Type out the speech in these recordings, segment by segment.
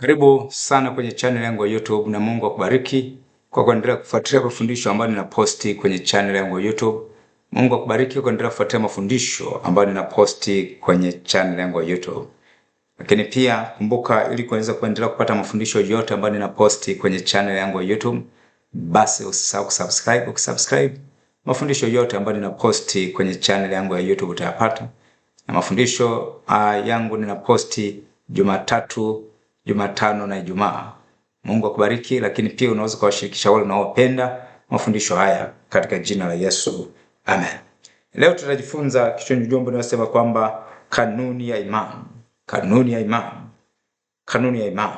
Karibu sana kwenye channel yangu ya YouTube na Mungu akubariki kwa kuendelea kufuatilia mafundisho ambayo ninaposti kwenye channel yangu ya YouTube. Mungu akubariki kwa kuendelea kufuatilia mafundisho ambayo ninaposti kwenye channel yangu ya YouTube. Lakini pia kumbuka, ili kuweza kuendelea kupata mafundisho yote ambayo ninaposti kwenye channel yangu ya YouTube, basi usisahau kusubscribe. Ukisubscribe, mafundisho yote ambayo ninaposti kwenye channel yangu ya YouTube utayapata, na mafundisho uh, yangu ninaposti Jumatatu Jumatano na Ijumaa. Mungu akubariki, lakini pia unaweza kuwashirikisha wale unaopenda mafundisho haya katika jina la Yesu, amen. Leo tutajifunza kichwani ujumbe unaosema kwamba kanuni ya imani, kanuni ya imani, kanuni ya imani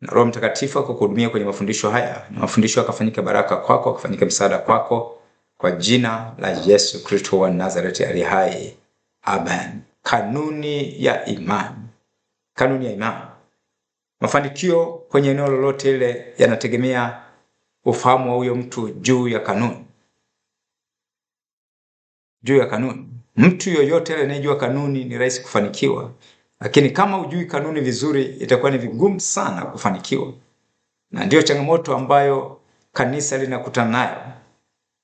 na Roho Mtakatifu akukuhudumia kwenye mafundisho haya na mafundisho akafanyika baraka kwako, akafanyika msaada kwako, kwa jina la Yesu Kristo wa Nazareti aliye hai, amen. Kanuni ya imani kanuni ya imani. Mafanikio kwenye eneo lolote ile yanategemea ufahamu wa huyo mtu juu ya kanuni, juu ya kanuni. Mtu yoyote ile anayejua kanuni ni rahisi kufanikiwa, lakini kama hujui kanuni vizuri, itakuwa ni vigumu sana kufanikiwa, na ndiyo changamoto ambayo kanisa linakutana nayo.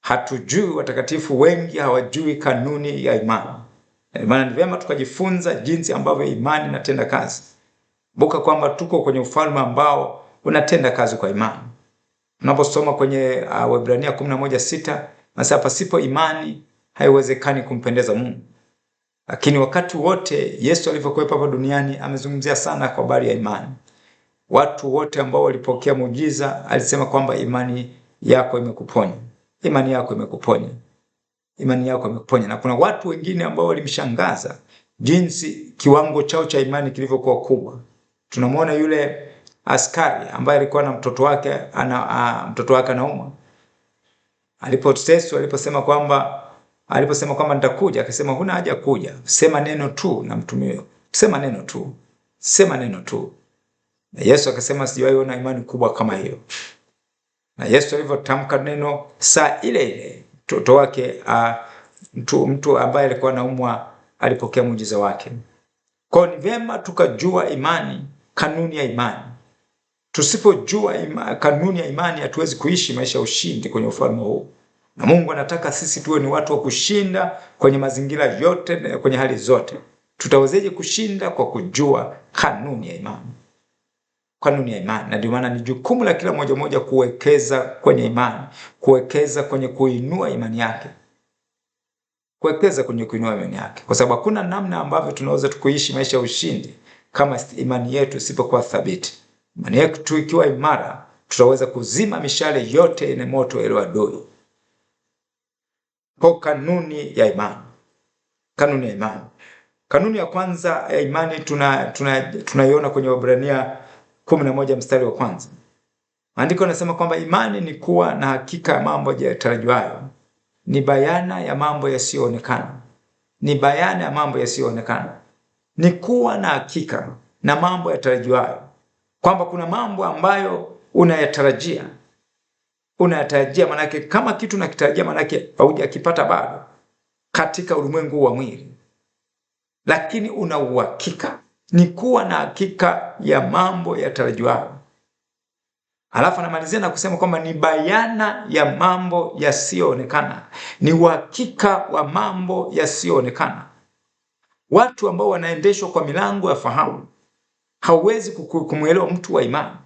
Hatujui, watakatifu wengi hawajui kanuni ya imani. Eh, maana ni vema tukajifunza jinsi ambavyo imani inatenda kazi. Kumbuka kwamba tuko kwenye ufalme ambao unatenda kazi kwa imani. Unaposoma kwenye uh, Waebrania 11:6, nasema pasipo imani haiwezekani kumpendeza Mungu. Lakini wakati wote Yesu alivyokuwepo hapa duniani amezungumzia sana kwa habari ya imani. Watu wote ambao walipokea muujiza alisema kwamba imani yako imekuponya, imani yako imekuponya imani yako amekuponya. Na kuna watu wengine ambao walimshangaza jinsi kiwango chao cha imani kilivyokuwa kubwa. Tunamwona yule askari ambaye alikuwa na mtoto wake ana, a, mtoto wake anaumwa, alipoteswa, aliposema kwamba aliposema kwamba nitakuja, akasema huna haja kuja, sema neno tu na mtumio, sema neno tu, sema neno tu. Na Yesu akasema sijawahi ona imani kubwa kama hiyo. Na Yesu alivyotamka neno saa ile ile mtoto wake a, mtu, mtu ambaye alikuwa anaumwa alipokea muujiza wake. Kwa ni vyema tukajua imani, kanuni ya imani. Tusipojua ima, kanuni ya imani hatuwezi kuishi maisha ya ushindi kwenye ufalme huu, na Mungu anataka sisi tuwe ni watu wa kushinda kwenye mazingira yote, kwenye hali zote. Tutawezeje kushinda? Kwa kujua kanuni ya imani kanuni ya imani, na ndio maana ni jukumu la kila mmoja mmoja kuwekeza kwenye imani, kuwekeza kwenye kuinua imani yake, kuwekeza kwenye kuinua imani yake, kwa sababu hakuna namna ambavyo tunaweza tukuishi maisha ya ushindi kama imani yetu isipokuwa thabiti. Imani yetu ikiwa imara, tutaweza kuzima mishale yote yenye moto ya adui. Kwa kanuni ya imani, kanuni ya imani, kanuni ya kwanza ya imani tunaiona tuna, tuna kwenye Waebrania moja mstari wa kwanza. Maandiko yanasema kwamba imani ni kuwa na hakika ya mambo yatarajiwayo, ni bayana ya mambo yasiyoonekana, ni bayana ya mambo yasiyoonekana, ni kuwa na hakika na mambo yatarajiwayo, kwamba kuna mambo ambayo unayatarajia, unayatarajia. Manake kama kitu nakitarajia manake haujakipata bado katika ulimwengu wa mwili, lakini una uhakika ni kuwa na hakika ya mambo yatarajiwayo. Alafu anamalizia na kusema kwamba ni bayana ya mambo yasiyoonekana, ni uhakika wa mambo yasiyoonekana. Watu ambao wanaendeshwa kwa milango ya fahamu, hauwezi kumwelewa mtu wa imani.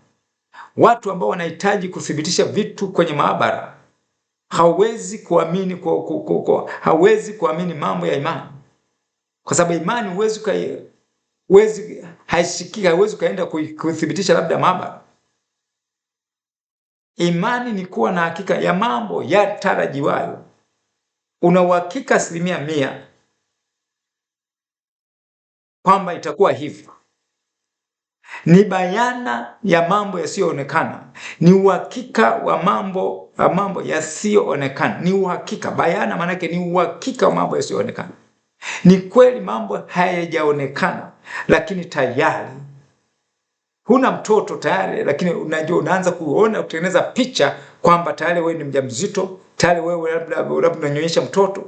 Watu ambao wanahitaji kuthibitisha vitu kwenye maabara, hauwezi kuamini kwa, kwa, kwa, kwa, hauwezi kuamini mambo ya imani, kwa sababu imani huwezi huwezi haishikiki, hauwezi ukaenda kuthibitisha labda maabara. Imani ni kuwa na hakika ya mambo yatarajiwayo, una uhakika asilimia mia kwamba itakuwa hivyo. Ni bayana ya mambo yasiyoonekana, ni uhakika wa mambo, wa mambo yasiyoonekana. Ni uhakika bayana, maanake ni uhakika wa mambo yasiyoonekana. Ni kweli mambo hayajaonekana, lakini tayari huna mtoto tayari, lakini unajua unaanza kuona kutengeneza picha kwamba tayari wewe ni mjamzito, tayari wewe labda labda unanyonyesha mtoto.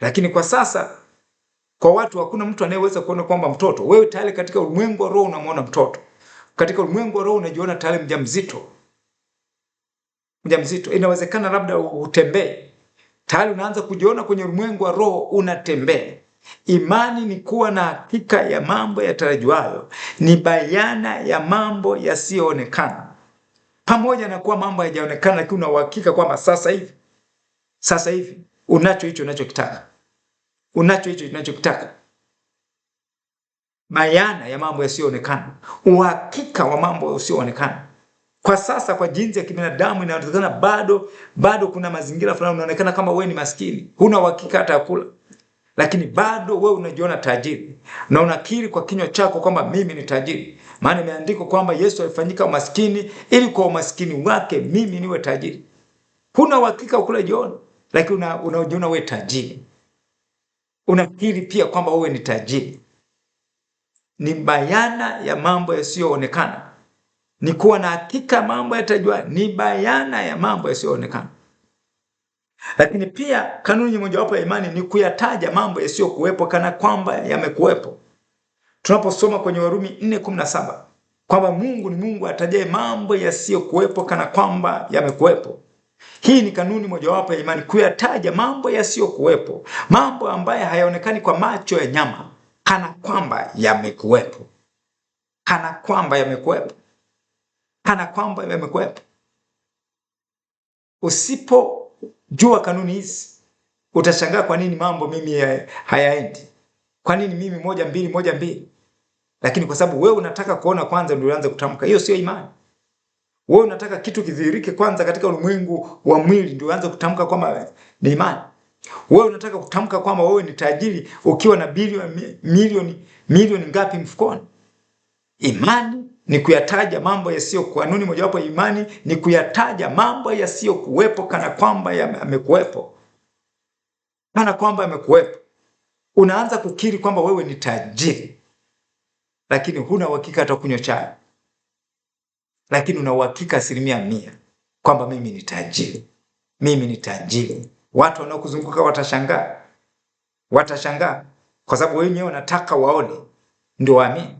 Lakini kwa sasa kwa watu hakuna mtu anayeweza kuona kwamba mtoto. Wewe tayari katika ulimwengu wa roho unamwona mtoto, katika ulimwengu wa roho unajiona tayari mjamzito. Mjamzito inawezekana labda utembee tayari unaanza kujiona kwenye ulimwengu wa roho unatembea. Imani ni kuwa na hakika ya mambo yatarajiwayo, ni bayana ya mambo yasiyoonekana. Pamoja na kuwa mambo hayajaonekana, lakini una uhakika kwamba sasa hivi, sasa hivi unacho hicho unachokitaka, unacho hicho unachokitaka. Bayana ya mambo yasiyoonekana, uhakika wa mambo yasiyoonekana. Kwa sasa kwa jinsi ya kibinadamu inaonekana bado bado kuna mazingira fulani unaonekana kama wewe ni maskini, huna uhakika hata kula. Lakini bado wewe unajiona tajiri na unakiri kwa kinywa chako kwamba mimi ni tajiri. Maana imeandikwa kwamba Yesu alifanyika umaskini ili kwa umaskini wake mimi niwe tajiri. Huna uhakika kula jioni, lakini unajiona wewe tajiri. Unakiri pia kwamba wewe ni tajiri. Ni bayana ya mambo yasiyoonekana ni kuwa na hakika mambo yatajua, ni bayana ya mambo yasiyoonekana. Lakini pia kanuni mojawapo ya imani ni kuyataja mambo yasiyokuwepo kana kwamba yamekuwepo. Tunaposoma kwenye Warumi 4:17 kwamba Mungu ni Mungu atajaye mambo yasiyokuwepo kana kwamba yamekuwepo. Hii ni kanuni mojawapo ya imani, kuyataja mambo yasiyokuwepo, mambo ambayo hayaonekani kwa macho ya nyama, kana kwamba yamekuwepo, kana kwamba yamekuwepo kana kwamba yamekuwepo. Usipojua kanuni hizi utashangaa kwa nini mambo mimi hayaendi, kwa nini mimi moja mbili moja mbili. Lakini kwa sababu wewe unataka kuona kwanza ndio uanze kutamka. Hiyo sio imani. Wewe unataka kitu kidhihirike kwanza katika ulimwengu wa mwili ndio uanze kutamka kwamba ni imani. Wewe unataka kutamka kwamba wewe ni tajiri ukiwa na bilioni milioni milioni ngapi mfukoni? Imani ni kuyataja mambo yasiyo kanuni mojawapo ya imani ni kuyataja mambo yasiyokuwepo kana kwamba yamekuwepo, kana kwamba yamekuwepo. Unaanza kukiri kwamba wewe ni tajiri, lakini huna uhakika hata kunywa chai, lakini una uhakika asilimia mia kwamba mimi ni tajiri, mimi ni tajiri. Watu wanaokuzunguka watashangaa, watashangaa kwa sababu wenyewe wanataka waone ndio waamini.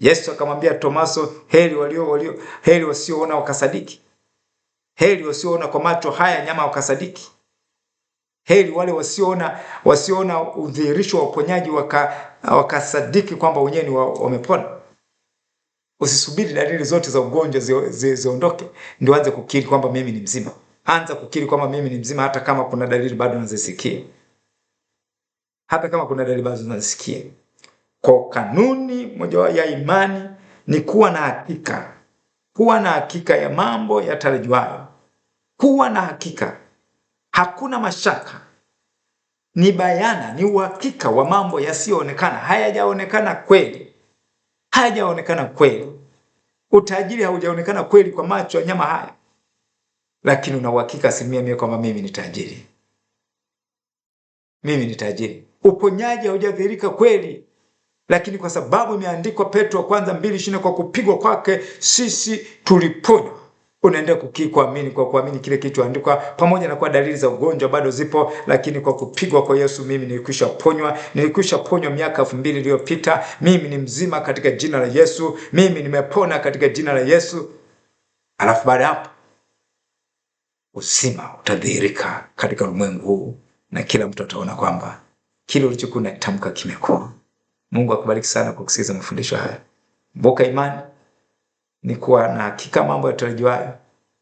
Yesu akamwambia Tomaso, heri walio walio heri wasioona wakasadiki, heri wasioona kwa macho haya nyama wakasadiki, heri wale wasioona wasioona udhihirisho wa uponyaji waka, wakasadiki kwamba wenyewe ni wamepona. Usisubiri dalili zote za ugonjwa ziondoke ndio anze kukiri kwamba mimi ni mzima. Anza kukiri kwamba mimi ni mzima, hata kama kuna dalili bado nazisikia, hata kama kuna dalili bado nazisikia. Kwa kanuni moja ya imani ni kuwa na hakika, kuwa na hakika ya mambo yatarajiwayo, kuwa na hakika, hakuna mashaka, ni bayana, ni uhakika wa mambo yasiyoonekana, hayajaonekana kweli, hayajaonekana kweli. Utajiri haujaonekana kweli kwa macho ya nyama haya, lakini una uhakika asilimia mia kwamba mimi ni tajiri, mimi ni tajiri. Uponyaji haujadhihirika kweli lakini kwa sababu imeandikwa Petro wa kwanza mbili ishirini kwa kupigwa kwake sisi tuliponywa. Unaendelea kukii kwa kuamini kile kilichoandikwa, pamoja na kwa dalili za ugonjwa bado zipo, lakini kwa kupigwa kwa Yesu mimi nilikwisha ponywa. Nilikwisha ponywa miaka elfu mbili iliyopita. Mimi ni mzima katika jina la Yesu, mimi nimepona katika jina la Yesu. Alafu baada hapo uzima utadhihirika katika ulimwengu huu, na kila mtu ataona kwamba kile ulichokuwa unatamka kimekuwa Mungu akubariki sana kwa kusikiza mafundisho haya. Mboka imani ni kuwa na hakika mambo yatarajiwayo,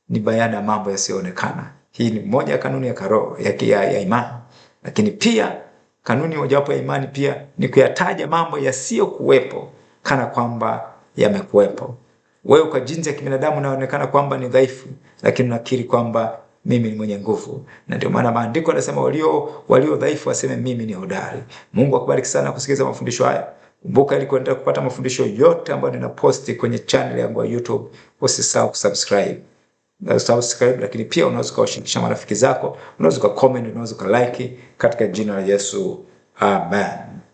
ni bayana mambo yasiyoonekana. Hii ni moja ya kanuni ya karoho ya, ya, ya imani. Lakini pia kanuni mojawapo ya imani pia ni kuyataja mambo yasiyokuwepo kana kwamba yamekuwepo. Wewe kwa jinsi ya kibinadamu unaonekana kwamba ni dhaifu, lakini unakiri kwamba mimi ni mwenye nguvu, na ndio maana maandiko yanasema walio walio dhaifu waseme mimi ni hodari. Mungu akubariki sana kusikiliza mafundisho haya. Kumbuka, ili kuendelea kupata mafundisho yote ambayo ninaposti kwenye channel yangu ya YouTube, usisahau kusubscribe na subscribe, lakini pia unaweza kuwashirikisha marafiki zako, unaweza kucomment, unaweza kulike katika jina la Yesu. Amen.